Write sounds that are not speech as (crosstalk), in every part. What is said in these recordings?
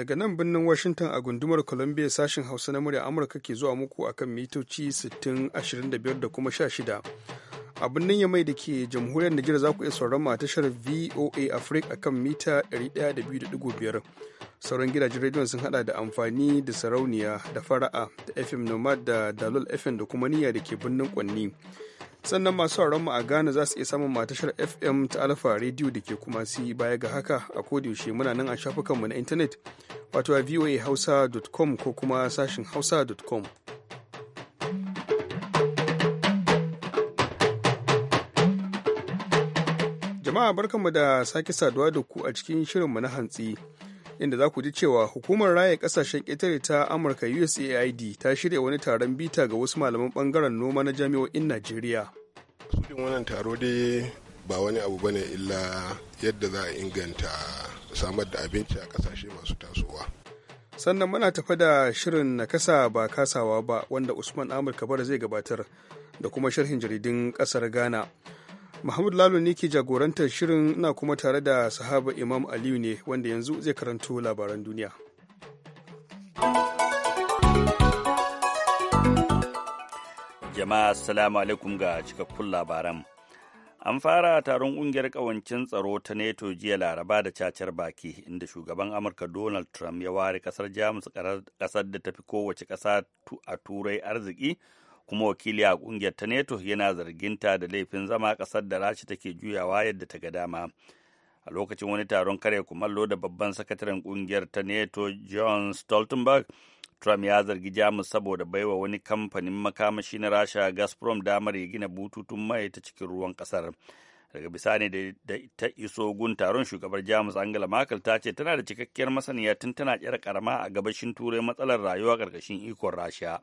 daga nan birnin Washington a gundumar Columbia sashen Hausa na murya Amurka ke zuwa muku akan mitoci 60, 25 da kuma 16. a birnin yamai da ke jamhuriyar Nijar za ku iya sauran a tashar VOA Africa akan mita 102.5 sauran gidajen rediyon sun hada da amfani da sarauniya da fara'a da FM Nomad da Dalol FM da kuma niyya da ke birnin Kwanni sannan masu mu a Ghana za su iya samun matashar FM ta Alfa Radio da ke kuma si baya ga haka a yaushe muna nan a shafukanmu na intanet wato a voahausa.com ko kuma sashin hausa.com. Jama'a barkanmu da sake saduwa da ku a cikin shirin mu na hantsi. inda za ku ji cewa hukumar raya kasashen ƙetare ta amurka usaid ta shirya wani taron bita ga wasu malaman ɓangaren noma na jami'o'in najeriya sudin wannan taro dai ba wani abu bane illa yadda za a inganta samar da abinci a kasashe masu tasowa sannan muna tafa da shirin na kasa ba kasawa ba wanda usman amurka bara zai gabatar da kuma sharhin jaridun ƙasar ghana Muhammad Lalo ne ke jagorantar shirin na kuma tare da sahaba Imam Aliyu ne wanda yanzu zai karanto labaran duniya. Jama'a salamu alaikum ga cikakkun labaran. An fara taron ƙungiyar ƙawancin tsaro ta NATO jiya Laraba da cacar baki inda shugaban Amurka Donald Trump ya ware ƙasar Jamus ƙasar da ta fi kowace ƙasa a turai arziki kuma wakili a kungiyar ta neto yana zarginta da laifin zama kasar da rashi take juyawa yadda ta ga dama a lokacin wani taron kare kumallo da babban sakataren kungiyar ta neto john stoltenberg trump ya zargi jamus saboda baiwa wani kamfanin makamashi na rasha gazprom damar ya gina bututun mai ta cikin ruwan kasar daga bisani da ta iso gun taron shugabar jamus angela merkel ta ce tana da cikakkiyar masaniya tun tana kyar karama a gabashin turai matsalar rayuwa karkashin ikon rasha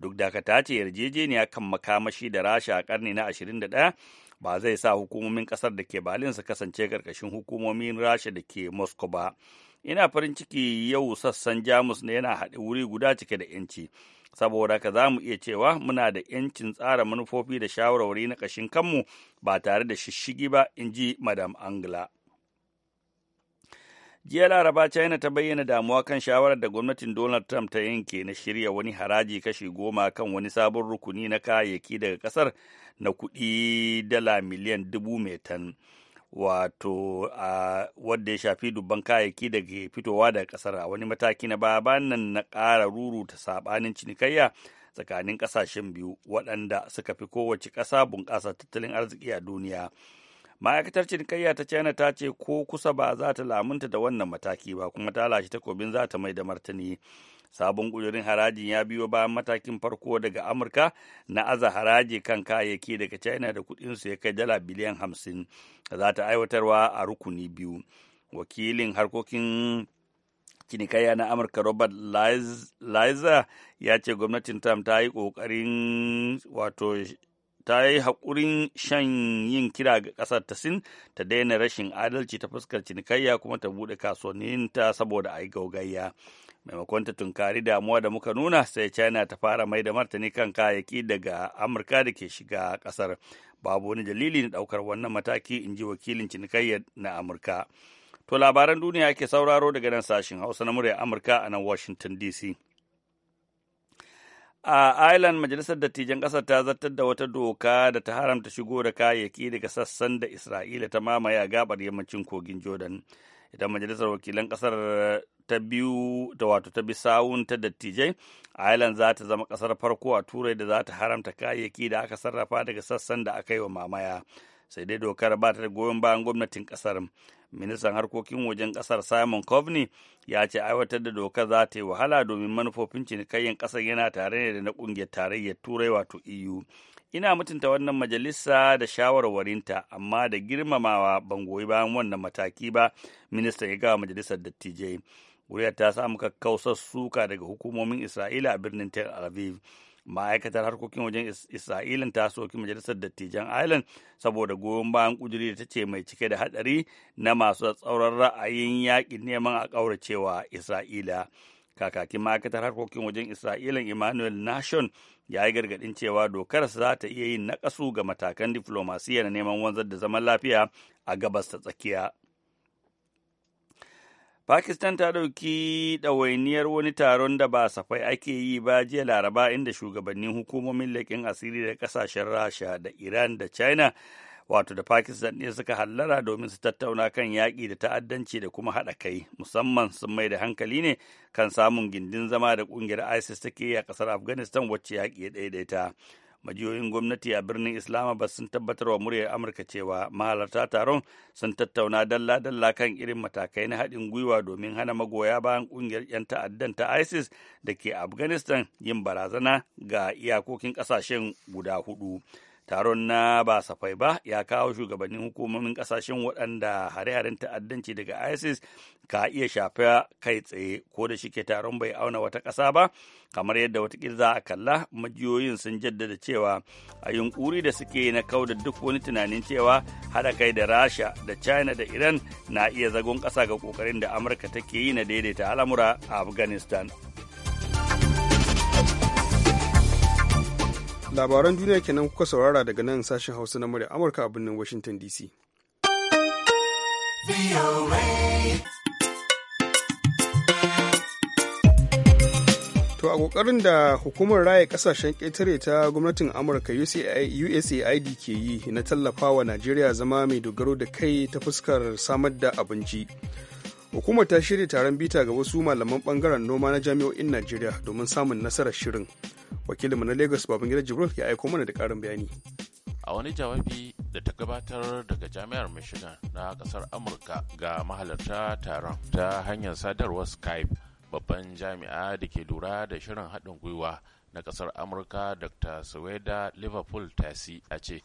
duk da ta ce yarjejeniya kan makamashi da rasha a karni na 21 ba zai sa hukumomin kasar da ke balin su kasance karkashin hukumomin rasha da ke moscow ba ina farin ciki yau sassan jamus ne yana haɗe wuri guda cike da yanci saboda ka za mu iya cewa muna da yancin tsara manufofi da shawarwari na ƙashin kanmu ba tare da shishigi ba in ji madam angela jiya laraba china ta bayyana damuwa kan shawarar da gwamnatin donald trump ta yanke na shirya wani haraji kashi goma kan wani sabon rukuni na kayayyaki daga kasar na kudi dala miliyan dubu metan wato a wadda ya shafi dubban kayayyaki da fitowa daga kasar a wani mataki na baya nan na ƙara ruruta sabanin cinikayya tsakanin ƙasashen biyu waɗanda suka fi kowace ƙasa bunƙasa tattalin arziki a duniya ma'aikatar cinikayya ta china ta ce ko kusa ba za ta lamunta da wannan mataki ba kuma ta lashe takobin za ta mai da martani sabon ƙudurin harajin ya biyo bayan matakin farko daga amurka na aza haraji kan kayayyaki daga china da kuɗinsu ya kai dala biliyan hamsin za ta aiwatarwa a rukuni biyu wakilin harkokin cinikayya na amurka robert liza ya ce gwamnatin trump ta yi ƙoƙarin wato ta yi haƙurin shan yin kira ga ƙasar ta sin ta daina rashin adalci ta fuskar cinikayya kuma ta buɗe kasuwanninta saboda a yi gaugayya maimakon ta tunkari damuwa da muka nuna sai china ta fara mai da martani kan kayayyaki daga amurka da ke shiga ƙasar babu wani dalili na ɗaukar wannan mataki in ji wakilin cinikayya na amurka to labaran duniya ke sauraro daga nan sashen hausa na murya amurka a nan washington dc a Ireland majalisar dattijan ƙasar ta zartar da wata doka da ta haramta shigo da kayayyaki daga sassan da Isra'ila ta mamaye a gabar yammacin kogin Jordan. Ita majalisar wakilan ƙasar ta biyu da wato ta bi sawun ta dattijai Ireland za ta zama ƙasar farko a Turai da za ta haramta kayayyaki da aka sarrafa daga sassan da aka yi wa mamaya. Sai dai dokar ba ta da goyon bayan gwamnatin ƙasar. ministan harkokin wajen kasar simon Kovni ya ce aiwatar da dokar za ta yi wahala domin manufofin cinikayyar kasar yana tare ne da na kungiyar tarayyar turai wato eu ina mutunta wannan majalisa da shawarwarinta amma da girmamawa ban goyi bayan wannan mataki ba ministan ya gawa majalisar dattijai wuriyar ta samu kakkausar suka daga hukumomin isra'ila a birnin tel aviv ma'aikatar harkokin wajen isra'ilin ta soki majalisar dattijan Island saboda goyon bayan kujeru da ta ce mai cike da hadari na masu tsauran ra'ayin yaƙin neman a ƙauracewa isra'ila kakakin ma'aikatar harkokin wajen isra'ilan emmanuel nashon ya yi gargaɗin cewa dokar za ta iya yin naƙasu ga matakan diflomasiya na neman wanzar da zaman lafiya a gabas ta tsakiya Pakistan ta ɗauki ɗawainiyar wani taron da ba safai ake yi ba jiya laraba inda shugabannin hukumomin laƙin asiri da ƙasashen Rasha da Iran da China wato da Pakistan ne suka hallara domin su tattauna kan yaƙi da ta'addanci da kuma haɗa kai musamman sun mai da hankali ne kan samun gindin zama da ƙungiyar ISIS take yi a ƙasar Afghanistan wacce yaƙi ya ɗaiɗaita. majiyoyin gwamnati a birnin islamabad sun tabbatar wa muryar amurka cewa mahalarta taron sun tattauna dalla-dalla kan irin matakai na haɗin gwiwa domin hana magoya bayan ƙungiyar 'yan ta'addan ta isis da ke afghanistan yin barazana ga iyakokin ƙasashen guda hudu taron na ba safai ba ya kawo shugabannin hukumomin kasashen waɗanda hare-haren ta'addanci daga isis ka iya shafa kai tsaye ko da shike taron bai auna wata ƙasa ba kamar yadda watakila za a kalla majiyoyin sun jaddada cewa a yunkuri da suke na kau da duk wani tunanin cewa haɗa kai da rasha da china da iran na iya zagon ƙasa ga ƙoƙarin da amurka take yi na daidaita al'amura a afghanistan labaran duniya kenan kuka saurara daga nan sashen hausa na murya amurka a birnin washington dc To a kokarin da hukumar raya kasashen ƙetare ta gwamnatin Amurka USAID ke yi na tallafa wa Najeriya zama mai dogaro da kai ta fuskar samar da abinci. hukumar ta shirya taron bita ga wasu malaman bangaren noma na jami'o'in najeriya domin samun nasarar shirin wakilinmu na lagos babangida jibril ya aiko mana da karin bayani a wani jawabi da ta gabatar daga jami'ar michigan na kasar amurka ga mahalarta taron ta hanyar sadarwar skype babban jami'a da ke lura da shirin haɗin gwiwa na kasar amurka dr suweda liverpool tasi a ce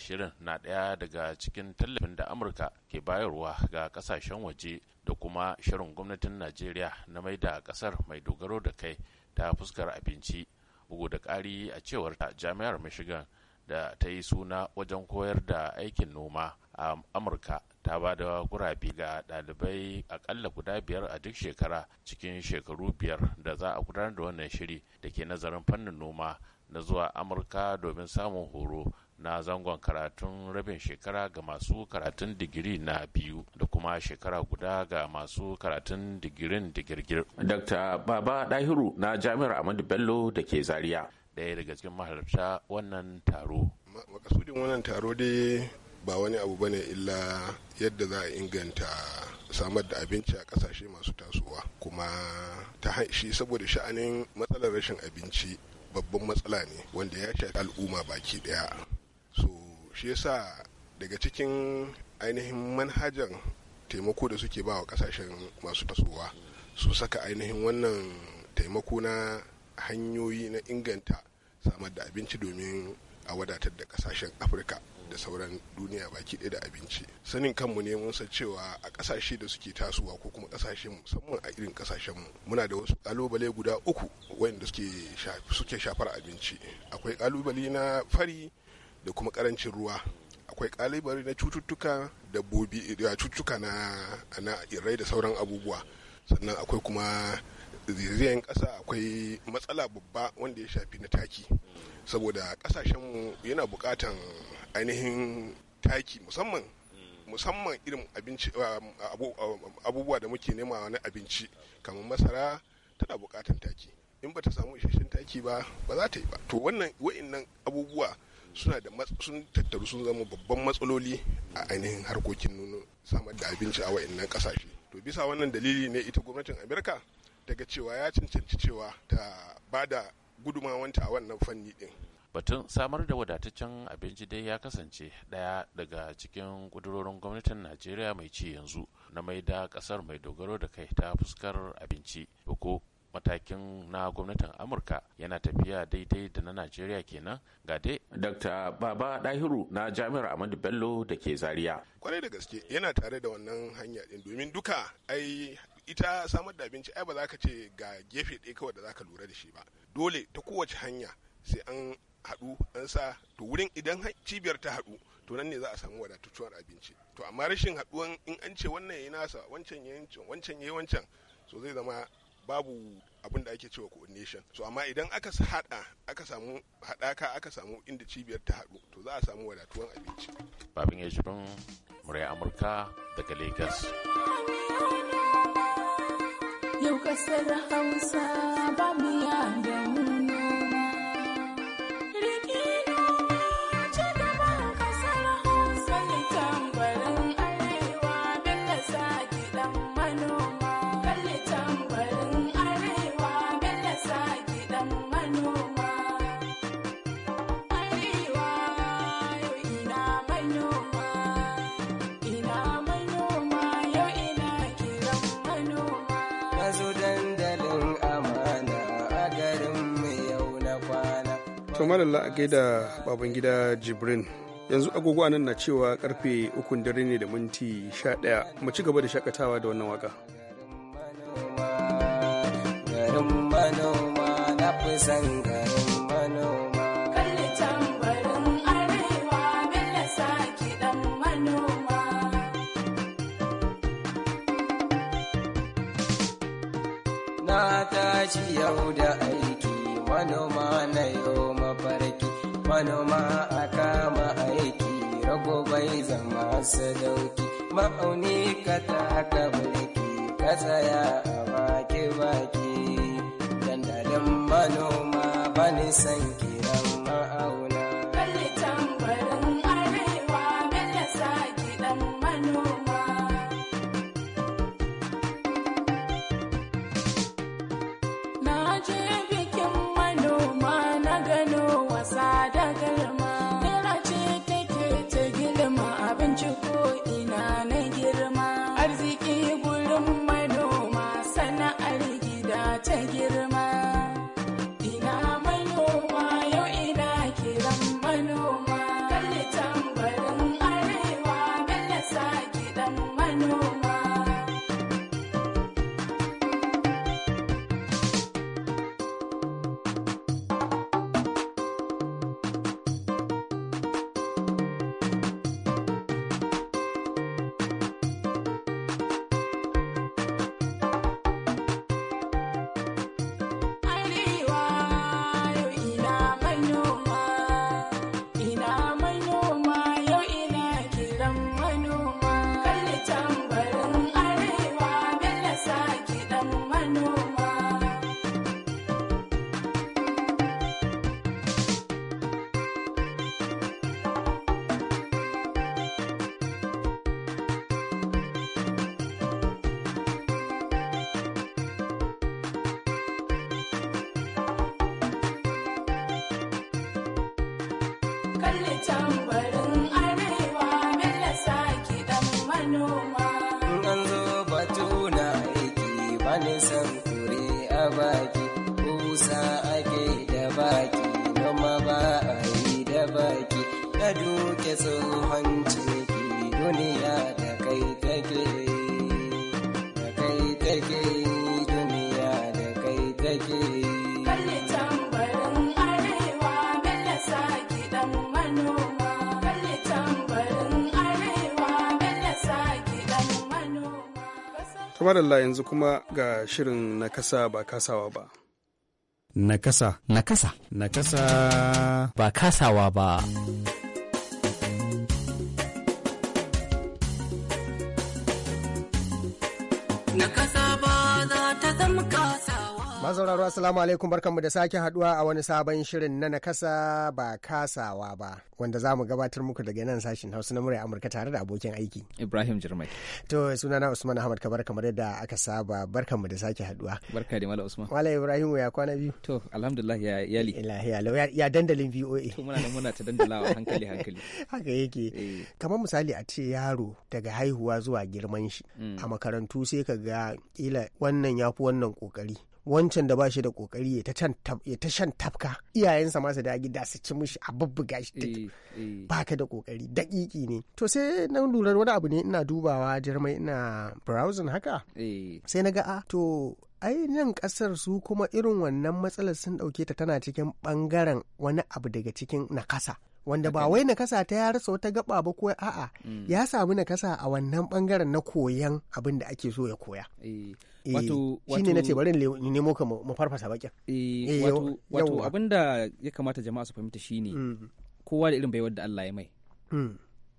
shirin na ɗaya daga cikin tallafin da amurka ke bayarwa ga ƙasashen waje da kuma shirin gwamnatin najeriya na mai da ƙasar mai dogaro da kai ta fuskar abinci bugu da ƙari a cewar ta jami'ar michigan da ta yi suna wajen koyar da aikin noma a amurka ta ba da gurabe ga ɗalibai akalla guda biyar a duk shekara cikin shekaru biyar da za a gudanar da wannan shiri da ke nazarin fannin noma na zuwa amurka domin samun horo na zangon karatun rabin shekara ga masu karatun digiri na biyu da kuma shekara guda ga masu karatun digirin digirgir. Dr. Baba Dahiru na Jami'ar Ahmadu Bello da ke Zaria. ɗaya daga cikin mahalarta wannan taro. Makasudin wannan taro dai ba wani abu bane illa yadda za a inganta samar da abinci a kasashe masu tasowa kuma ta shi saboda sha'anin matsalar rashin abinci babban matsala ne wanda ya shafi al'umma baki daya shi yasa daga cikin ainihin manhajan taimako da suke ba wa kasashen masu tasowa su saka ainihin wannan taimako na hanyoyi na inganta samar da abinci domin a wadatar da kasashen afirka da sauran duniya baki ɗaya da abinci sanin kanmu ne mun san cewa a kasashe da suke tasowa ko kuma ƙasashe musamman a irin kasashen mu muna da wasu ƙalubale guda uku wanda suke shafar abinci akwai ƙalubale na fari da kuma karancin ruwa akwai kalibari na cututtuka dabbobi da eh, cututtuka na na irai da sauran abubuwa sannan akwai kuma zaizayen ƙasa akwai matsala babba wanda ya shafi na taki saboda ƙasashenmu yana buƙatan ainihin taki musamman musamman irin abinci um, um, abubuwa da muke nema na abinci kamar masara tana buƙatan taki in ba ta samu isasshen taki ba ba za ta yi ba to wannan nan abubuwa suna da sun tattaru sun zama babban matsaloli a ainihin harkokin nuna samar da abinci a waɗannan kasashe to bisa wannan dalili ne ita gwamnatin amerika daga cewa ya cancanci cewa ta ba da gudumawanta a wannan fanni din batun samar da wadataccen abinci dai ya kasance daya daga cikin kudurorin gwamnatin najeriya mai ci yanzu na mai da kasar mai dogaro da kai ta fuskar abinci ko matakin na gwamnatin amurka yana tafiya daidai da na najeriya kenan ga dai dr baba dahiru na jami'ar ahmadu bello da ke zaria kwarai da gaske yana tare da wannan hanya din domin duka ai ita samar da abinci ai ba za ka ce ga gefe ɗaya kawai da za ka lura da shi ba dole ta kowace hanya sai an haɗu an sa to wurin idan cibiyar ta haɗu to nan ne za a samu wadatacciyar abinci to amma rashin haɗuwan in an ce wannan ya yi nasa wancan ya wancan wancan so zai zama babu abin da ake cewa coordination so amma idan aka hada aka samu hadaka aka samu inda cibiyar ta hadu to za a samu wadatuwan abinci babin ya shirin murai amurka daga lagos yau kasar hausa babu ya to malalla a gaida baban gida jibrin yanzu agogo nan na cewa karfe ukun dare ne da minti 11 mu ci gaba da shakatawa da wannan waka manoma na fi garin manoma Na tashi yau da ai manoma na yau mafarki manoma a kama aiki rago bai zama sadauki ma'auni ka taka mulki ka tsaya a baki baki dandalin manoma ba ni sanki kalli can madalla yanzu kuma ga shirin na kasa ba kasawa ba. Na kasa. Na kasa. Na kasa. Ba kasawa ba. Na kasa. Mazauraru Assalamu alaikum barkanmu da sake haduwa a wani sabon shirin na nakasa ba kasawa ba wanda za mu gabatar muku daga nan sashin Hausa na murya Amurka tare da abokin aiki. Ibrahim Jirmai. To sunana Usman Ahmad Kabar kamar yadda aka saba barkanmu da sake haduwa. Barka da Malam Usman. Malam Ibrahim ya kwana biyu. To alhamdulillah ya yali. Ilahi lau ya dandalin VOA. To muna nan muna ta dandalawa hankali hankali. (laughs) Haka yake. Eh. Kamar misali a ce yaro daga haihuwa zuwa girman shi mm. a makarantu sai ka ga kila wannan ya fi wannan kokari wancan da ba shi da kokari ya ta shan tafka iyayensa ma su dagi da su ci mishi a bubbuga shi eh, eh. ba ka da kokari daƙiƙi ne to sai na lura wani abu ne ina dubawa jirmai ina browsing haka eh. sai na ga a ah, to ai nan kasar su kuma irin wannan matsalar sun dauke ta tana cikin bangaren wani abu daga cikin nakasa wanda ba wai nakasa ta ya rasa wata gaba ba ko a'a mm. ya samu nakasa a wannan bangaren na koyan abin da ake so ya koya Eh, wato shi ne na ce bari nemo ka mu farfasa bakin eh, eh, wato abinda ya kamata jama'a su fahimta shi ne mm. kowa da irin baiwar da Allah ya mai mm.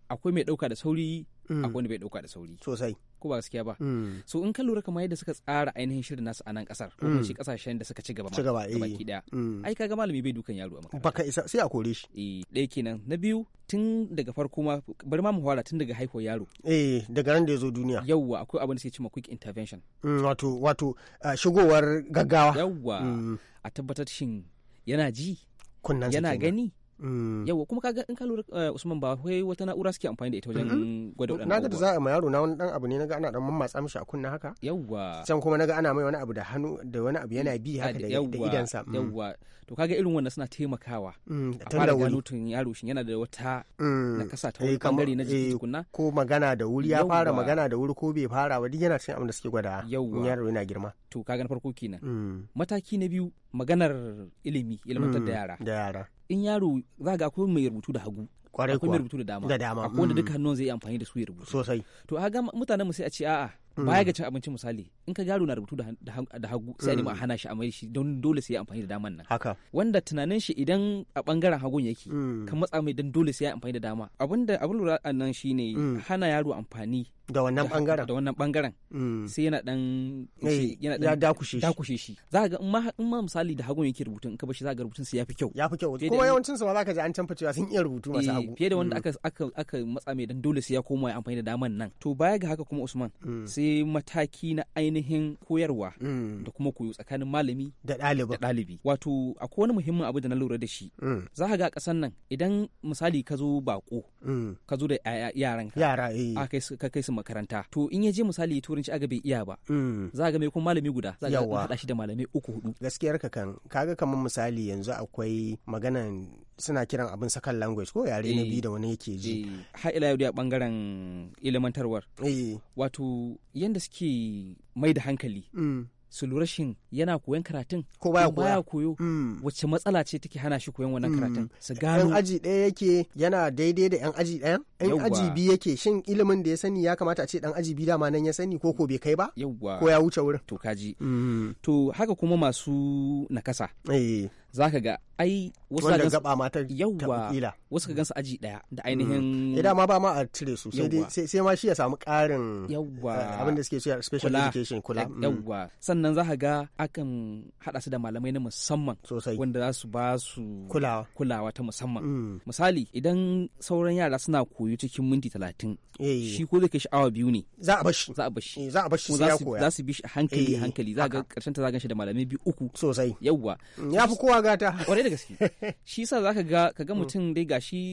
akwai mai dauka da sauri mm. akwai wanda bai dauka da sauri sosai ko ba gaskiya ba hmm. so in ka lura kamar yadda suka tsara ainihin shirin nasu a nan kasar ko kuma hmm. shi kasashen da suka ci gaba ci gaba baki eh. daya hmm. ai kaga malami bai dukan yaro a makaranta baka isa sai a kore shi eh ɗaya kenan na biyu tun daga farko ma bari ma mu fara tun daga haihuwar yaro eh daga ran da ya zo duniya yawwa akwai abin da suke cewa quick intervention wato wato shigowar gaggawa yawwa a tabbatar shin yana ji kunnan yana gani Mm. yawa kuma kaga in ka lura eh, Usman ba wai wata na'ura suke amfani da ita wajen gwada wadannan na da za a ma yaro na wani dan abu ne naga ana dan mamatsa mishi a kunna haka yawa can kuma naga ana mai wani abu da hannu da wani abu yana bi haka da idansa mm. yawa to kaga irin wannan suna taimakawa mm, a fara gano tun yaro shin yana da wata na kasa ta eh, wani bangare na jiki eh, tukunna. ko magana da wuri ya fara magana da wuri ko bai fara ba duk yana cikin abin da suke gwada yaro yana girma to kaga na farko kenan mataki na biyu maganar ilimi ilmantar da mm, yara da yara in yaro za ga akwai mai rubutu da hagu kwarai akwai mai rubutu da dama da dama akwai wanda mm. duka hannun zai yi amfani da su ya rubutu sosai to a ga mutanen mu sai a ce a'a mm. baya ga cin abinci misali in ka yaro na rubutu da hagu sai a hana shi a mai shi don dole sai ya amfani da daman nan haka wanda tunanin shi idan a bangaren hagun yake kan matsa mai don dole sai ya amfani da dama abinda abin lura a nan shine hana yaro amfani da wannan bangaren da wannan bangaren mm. sai yana dan eh, yana dan dakushe shi dakushe shi za ga in ma in ma misali da hagun yake rubutun in ka bashi za ga rubutun sa yafi kyau yafi kyau kuma yawancin su ma za ka ji an tanfa cewa sun iya rubutu masu eh, hagu fiye da wanda mm. aka aka aka matsa mai dan dole sai ya koma ya amfani da daman nan to baya ga haka kuma Usman mm. sai mataki na ainihin koyarwa da kuma koyo tsakanin malami da ɗalibi da ɗalibi wato akwai wani muhimmin abu da na lura da shi za ka ga kasan nan idan misali ka zo bako ka zo da yaran ka. yara eh ka kai su makaranta to in ya je misali turanci aga bai iya ba mm. za ga mai kuma malami guda za ga haɗa shi da malamai uku hudu gaskiyar ka kan kaga kaman misali yanzu akwai maganan suna kiran abin sakan language ko yare na eh. biyu da wani yake ji eh, har ila yau a bangaren ilimantarwar eh. wato yanda suke mai da hankali mm. su lura shin yana koyon karatun ko baya baya koyo hmm. wacce matsala ce take hana shi koyon wannan hmm. karatun su gano aji ɗaya yake yana daidai da yan aji ɗaya yan aji biyu yake shin ilimin da ya sani ya kamata a ce dan aji biyu dama nan ya sani ko ko bai kai ba ko ya wuce wurin to kaji hmm. to haka kuma masu nakasa eh. za ka ga ai wasu wanda gaba ma yawa kila wasu ga gansu aji daya da mm. ainihin idan eh, ma ba ma a cire su sai sai sai ma shi ya samu karin yawa eh, abin da suke so special education kula mm. yawa sannan za ka ga akan hada su da malamai na musamman sosai wanda za su ba su kulawa kulawa ta musamman mm. misali idan sauran yara suna koyo cikin minti talatin eh. shi ko zai kai sha'awa biyu ne za a bashi za a bashi za a bashi koya za su bi shi hankali hankali za ga karshen ta za gan shi da malamai biyu uku sosai yawa ya fi kowa gata kwarai da gaske (laughs) shi za zaka ga kaga mm. mutum dai gashi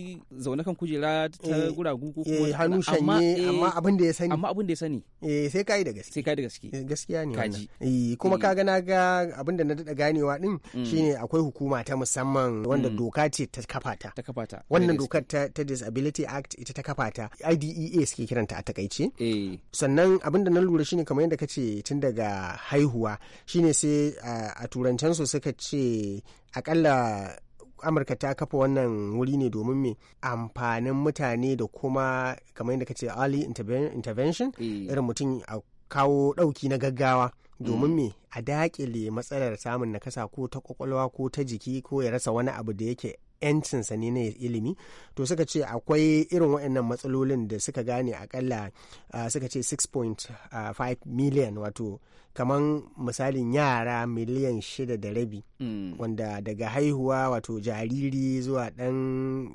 zaune kan kujera ta eh, guragu ko kuma eh, hannu shanye eh, amma abin da ya sani amma abin da ya sani eh sai kai da gaske sai kai da gaske gaskiya ne kaji eh kuma kaga na ga abin da na dada ganewa din mm. shine akwai hukuma ta musamman wanda mm. doka ce ta kafata ta kafata wannan dokar ta disability act ita ta kafata IDEA suke kiranta a takaice sannan abin da na lura shine kamar yadda kace tun daga haihuwa shine sai a turancen su suka ce akalla amurka ta kafa wannan wuri ne domin me amfanin mutane da kuma kamar yadda kace early intervention eh. irin mutum a kawo ɗauki na gaggawa domin mm. me a dakile matsalar samun nakasa ko ta kwakwalwa ko ta jiki ko ya rasa wani abu da yake yancinsa ne na ilimi to suka ce akwai irin waɗannan matsalolin da suka gane akalla ah, suka ce 6.5 ah, miliyan wato kamar misalin yara miliyan shida da rabi mm. wanda daga haihuwa wato jariri zuwa ɗan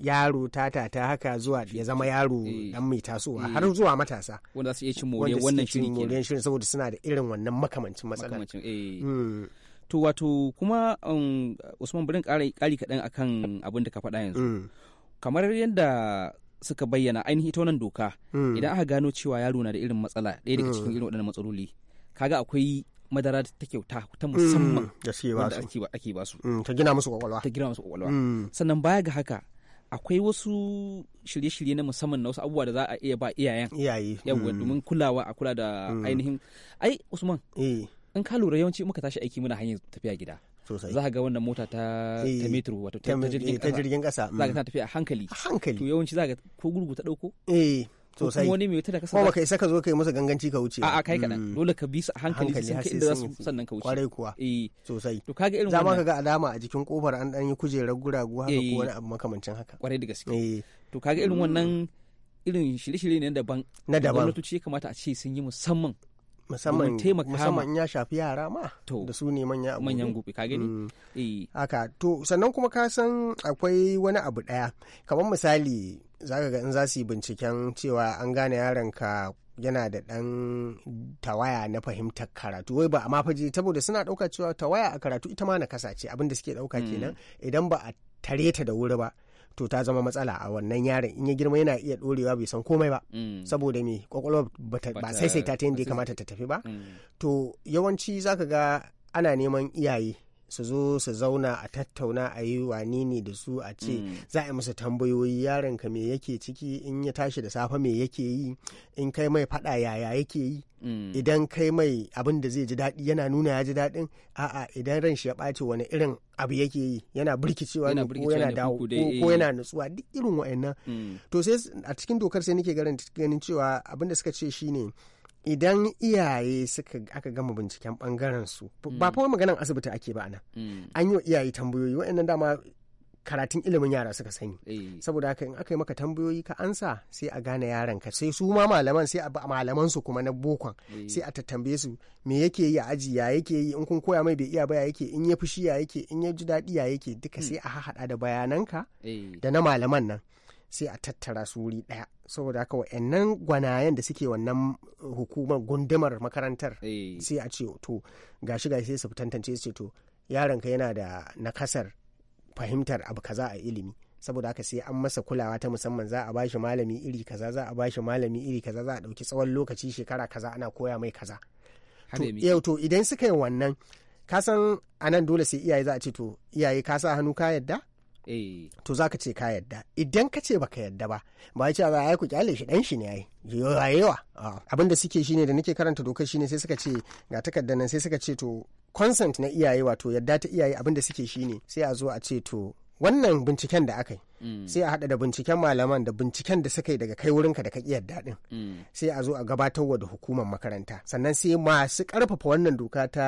yaro tata ta haka zuwa ya zama yaro dan eh. mai tasowa eh. har zuwa matasa wanda su iya cin moriyar wannan shirin saboda suna da irin wannan makamancin matsalar eh. mm. to wato kuma um, usman burin kari kaɗan akan abin da ka faɗa yanzu mm. kamar yadda suka bayyana ainihin ita wannan doka mm. idan aka gano cewa yaro na da irin matsala ɗaya daga mm. cikin irin waɗannan matsaloli kaga akwai madara ta kyauta ta musamman da ake ba su ta gina musu kwakwalwa ta gina musu kwakwalwa sannan baya ga haka akwai wasu shirye-shirye na musamman na wasu abubuwa da za a iya ba iyayen iyaye yawa domin kulawa a kula da ainihin ai usman eh. in ka lura yawanci muka tashi aiki muna hanyar tafiya gida za ka ga wannan mota ta eh, metro wato ta jirgin kasa eh, za ka mm. tana tafiya a hankali hankali to yawanci za ka ko gurgu ta dauko eh sosai wani mai wuta kasa kuma ka isa ka zo kai masa ganganci ka wuce a kai kadan mm. dole ka bi su a hankali sai kai inda zasu sannan ka wuce kwarai kuwa eh sosai to kaga irin wannan ka ga alama a jikin kofar an dan yi kujerar guragu haka ko eh. wani abu makamancin haka kwarai da gaske eh to kaga irin wannan mm. irin shirye-shirye ne daban na daban gwamnatoci ya kamata a ce sun yi musamman musamman musamman ya shafi yara ma da su ne manya manyan gobe ka gani mm. eh to sannan kuma ka san akwai wani abu daya kamar misali zaka ga in za su yi binciken cewa an gane yaron ka yana da ɗan tawaya na fahimtar karatu wai ba a ta saboda suna ɗauka cewa tawaya a karatu ita ma na kasace abin da suke ɗauka mm. kenan idan ba a tare ta da wuri ba to ta zama matsala a wannan yaron in ya girma yana iya dorewa bai san komai ba mm. saboda me kwakwalwa ba sai sai ta yadda ya kamata ta tafi ba mm. to yawanci zaka ga ana neman iyaye su zo su zauna a tattauna a yi wani ne da su a ce mm. za a yi musu tambayoyi yaron ka me yake ciki in ya tashi da safe me yake yi in kai mai fada yaya yake yi mm. idan kai mai abin da zai ji daɗi yana nuna ya ji daɗin a'a idan ran shi ya ɓaci wani irin abu yake yi yana birkicewa ne ko yana dawo ko eh. yana nutsuwa duk irin wa'annan mm. to sai a cikin dokar sai nake ganin cewa abin da suka ce shine idan iyaye suka aka gama binciken bangaren su ba mm. fa maganan asibiti ake ba nan mm. an yi wa iyaye tambayoyi wa'annan dama karatun ilimin yara suka sani eh. saboda haka in aka yi maka tambayoyi ka ansa sai a gane yaran ka sai su ma malaman sai a malaman su kuma na bokon eh. sai a tattambe su me yake yi a aji ya yake yi in kun koya mai bai iya ba ya yake in ya fushi ya yake in ya ji daɗi ya yake duka mm. sai a haɗa da bayanan ka eh. da na malaman nan sai a tattara su wuri ɗaya saboda haka wa'annan gwanayen da suke wannan hukumar gundumar makarantar eh. sai a ce to gashi gashi sai su tantance su ce to yaron ka yana da nakasar fahimtar abu kaza a ilimi saboda haka sai an masa kulawa ta musamman za a bashi malami iri kaza za a bashi malami iri kaza za a ɗauki tsawon lokaci shekara kaza ana koya mai kaza yau to idan suka yi wannan kasan anan dole sai iyaye za a ce to iyaye ka sa hannu ka yadda Eh. to za ka ce ka yadda idan ka ce baka yadda ba ba ya ce za a ku kyale shi dan shi ne ai yawa ah, abin da suke shine da nake karanta dokar shine sai suka ce ga takardar nan sai suka ce to consent na iyaye wato yadda ta iyaye abin da suke shine sai a zo a ce to wannan binciken da aka yi mm. sai a hada da binciken malaman da binciken da suka yi daga kai wurinka da ka ƙi daɗin mm. sai a zo a gabatar wa da hukumar makaranta sannan sai masu karfafa wannan doka ta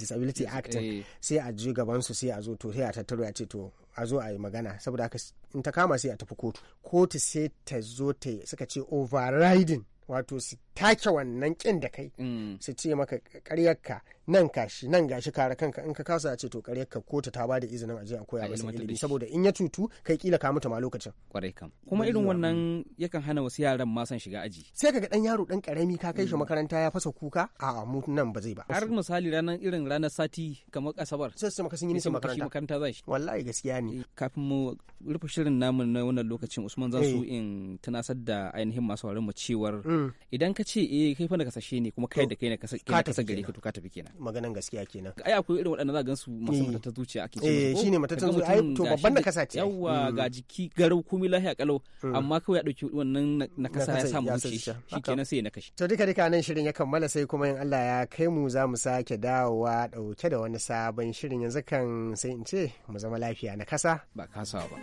disability act eh. sai a ji gaban su sai a zo to sai a tattaro ya ce to a zo a yi magana saboda haka in ta kama sai a tafi kotu kotu sai ta zo ta suka ce overriding wato take wannan kin da kai mm. su ce maka karyarka nan kashi nan gashi kare kanka in ka kasa ce to karyarka ko ta bada izinin aje a koya masa ilimi saboda in ya tutu kai kila ka mutu ma lokacin kwarai kam kuma irin mm. wannan yakan hana wasu yaran ma san shiga aji sai kaga dan yaro dan karami ka kai shi mm. makaranta ya fasa kuka a mu nan ba zai ba har misali ranar irin ranar sati kamar asabar sai su maka sun yi nisan makaranta makaranta zai wallahi gaskiya ne eh, kafin mu rufe shirin namu na wannan lokacin Usman zan su eh. in tunasar da ainihin masu mu cewar idan ka ce eh kai fa na kasashe ne kuma kai da kai na kasa gari ka to ka tafi kenan maganan gaskiya kenan ai akwai irin waɗannan za ga su eh. masu matatar zuciya ake ce eh shine matatar zuciya ai to babban na kasa ce yawa mm. ga jiki garau komai lafiya kalau mm. amma kawai ya dauki wannan na kasa ya samu wuce shi kenan sai na kashi to duka duka nan shirin ya kammala sai kuma in Allah ya kai mu za mu sake dawowa dauke da wani sabon shirin yanzu kan sai in ce mu zama lafiya na kasa ba kasa ba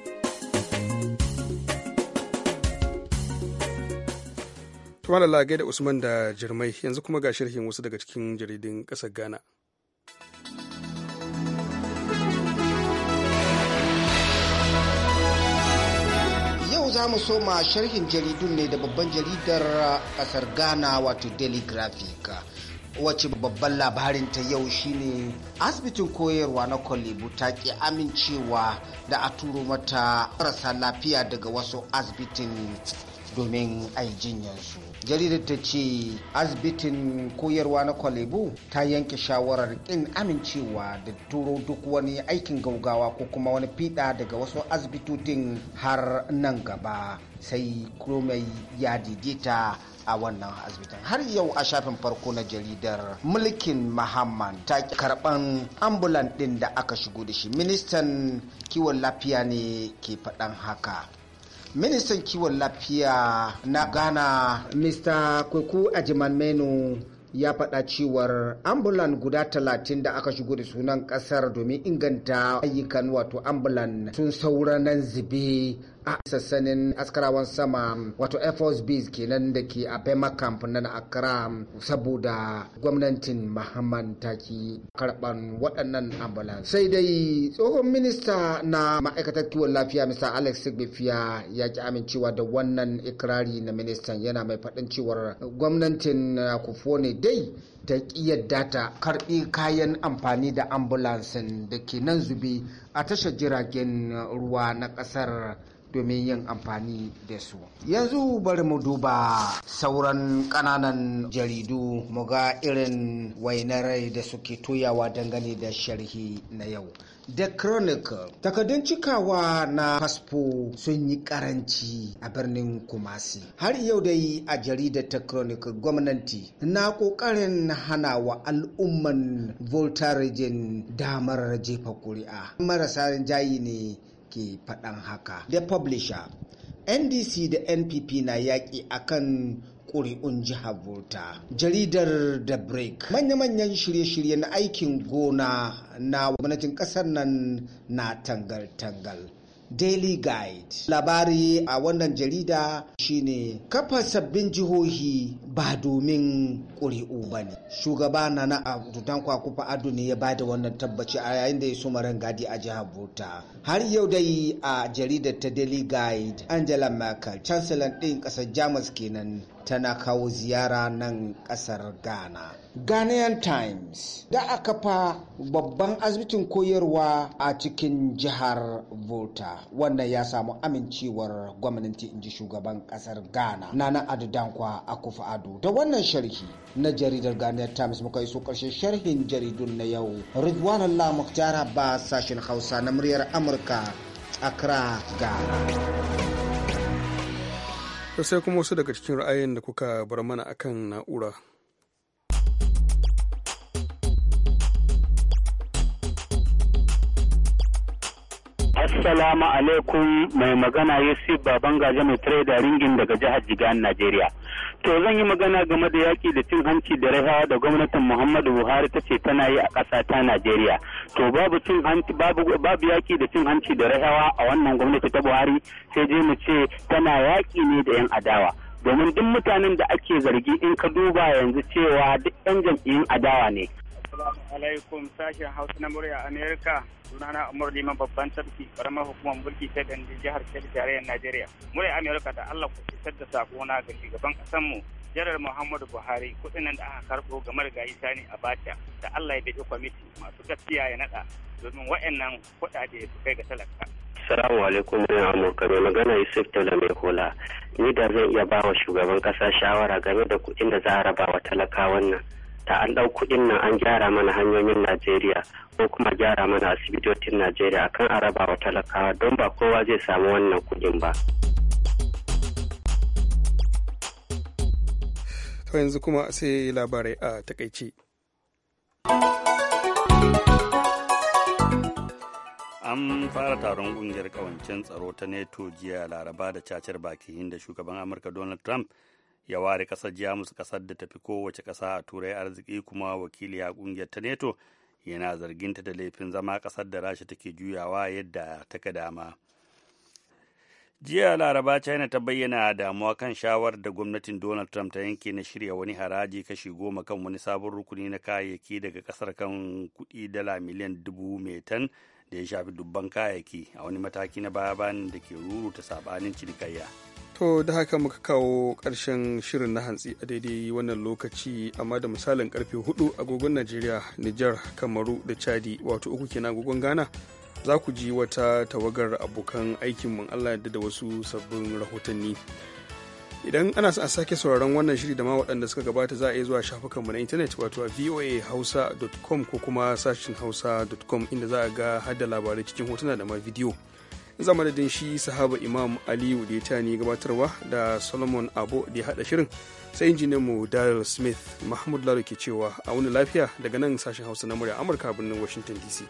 Tuma da lagai da Usman da Jirmai yanzu kuma ga shirhin wasu daga cikin jaridun ƙasar Ghana. yau za mu soma sharhin jaridun ne da babban jaridar kasar ghana wato daily graphic wace babban labarin ta yau shine asibitin koyarwa na kwalibu ta ki amincewa da a turo mata marasa lafiya daga wasu asibitin domin ai su. jaridar ta ce asibitin koyarwa na kwalebu ta yanke shawarar kin amincewa da turo duk wani aikin gaugawa ko kuma wani fiɗa daga wasu asibitotin har nan gaba sai kromai ya didita a wannan asibitin har yau a shafin farko na jaridar mulkin muhammad ta karban ambulan din da aka shigo da shi ministan kiwon lafiya ne ke faɗan haka ministan kiwon lafiya na ghana mr kweku ajiman menu ya faɗa cewar ambulan guda talatin da aka shigo da sunan ƙasar domin inganta ayyukan wato ambulan sun saura zube a sassanin askarawan sama wato air force base kenan da ke a bema camp na accra saboda gwamnatin mahamman ki karban waɗannan ambulance sai dai tsohon minista na ma'aikatar kiwon lafiya mr alex sigbifiya ya ki amincewa da wannan ikirari na ministan yana mai faɗin cewar gwamnatin kufone dai ta yadda ta Karɓi kayan amfani da ambulansin da ke nan zube a tashar jiragen ruwa na ƙasar domin yin amfani da su. Yanzu bari mu duba sauran ƙananan jaridu mu ga irin wainarai da suke toyawa dangane da sharhi na yau. The Chronicle takardun cikawa na fasfo sun yi karanci a birnin Kumasi. Har yau dai a jaridar ta Chronicle gwamnati na kokarin hana wa al'umman Volta Region damar jefa kuri'a. Marasa jayi ne ke faɗan haka the publisher ndc da npp na yaƙi akan ƙuri'un jihar volta jaridar da break manya-manyan shirye-shirye na aikin gona na gwamnatin ƙasar nan na tangal-tangal Daily Guide. Labari a wannan jarida shine kafa sabbin jihohi ba domin ƙuri'u ba ne. Shugaba na na Abdudan Kwakufa Ado ne ya ba da wannan tabbaci a yayin da ya so rangadi a jihar Bauta. Har yau dai a jaridar ta Daily Guide, Angela Merkel, Chancellor ɗin ƙasar Jamus kenan tana kawo ziyara nan kasar ghana ghanaian times da aka fa babban asibitin koyarwa a cikin jihar volta wannan ya samu amincewar gwamnati inji shugaban kasar ghana nana adu dankwa kufa ado da wannan sharhi na jaridar ghanaian times muka yi so karshen sharhin jaridun na yau ridwan allah muktar ba sashen hausa na muryar amurka accra ghana da sai kuma wasu daga cikin ra'ayin da kuka bar mana akan na'ura Assalamu alaikum mai magana Yusuf Baban Gaje mai tare da ringin daga jihar Jigan Najeriya. To zan yi magana game da yaƙi da cin hanci da rahawa da gwamnatin Muhammadu Buhari ta ce tana yi a ƙasa ta Najeriya. To babu cin hanci babu babu yaƙi da cin hanci da rahawa a wannan gwamnati ta Buhari sai dai mu ce tana yaƙi ne da 'yan adawa. Domin duk mutanen da ake zargi in ka duba yanzu cewa duk 'yan jam'iyyun adawa ne. Assalamu alaikum sashen Hausa na murya Amerika sunana Umar Liman babban tafki karamar hukumar mulki ta Gandi jihar Kebbi tarayyar Najeriya. Murya Amerika da Allah ku fitar da na ga shugaban kasanmu Jarar Muhammadu Buhari kuɗin da aka karɓo ga marigayi sani a bata da Allah ya bi kwamiti masu gaskiya ya naɗa domin waɗannan kuɗaɗe su kai ga talaka. Assalamu alaikum mai Amurka mai magana Yusuf Tola mai hula. Ni da zan iya ba wa shugaban ƙasa shawara game da kuɗin da za a raba wa talakawan wannan. da an ɗau kuɗin nan an gyara mana hanyoyin Najeriya ko kuma gyara mana asibitocin Najeriya akan araba wa talakawa don ba kowa zai samu wannan kuɗin ba. To yanzu kuma sai labarai a takaici. an fara taron kungiyar ƙawancen tsaro ta nato jiya laraba da cacar baki inda shugaban amurka donald trump ya ware kasar jamus kasar da tafi kowace kasa a turai arziki kuma wakili a kungiyar ta neto yana zarginta da laifin zama kasar da rasha take juyawa yadda ta ka dama jiya laraba china ta bayyana damuwa kan shawar da gwamnatin donald trump ta yanke na shirya wani haraji kashi goma kan wani sabon rukuni na kayayyaki daga kasar kan kudi dala miliyan dubu metan da ya shafi dubban kayayyaki a wani mataki na baya-bayan da ke ruru ta sabanin cinikayya To da haka muka kawo karshen shirin na hantsi a daidai wannan lokaci amma da misalin karfe hudu agogon Najeriya, Nijar, Kamaru da Chadi wato uku kenan agogon Ghana za ku ji wata tawagar abokan aikin Allah yadda da wasu sabbin rahotanni. Idan ana sa a sake sauraron wannan shiri da ma waɗanda suka gabata za a iya zuwa shafukanmu na intanet wato a voahausa.com ko kuma sashin hausa.com inda za a ga hada labarai cikin hotuna da ma bidiyo. yanzu madadin shi sahaba imam aliyu da ta ne gabatarwa da solomon abu da ya haɗa shirin sai injiniyan mu daryl smith mahmud lalo ke cewa a wani lafiya daga nan sashen hausa na murya amurka birnin washington dc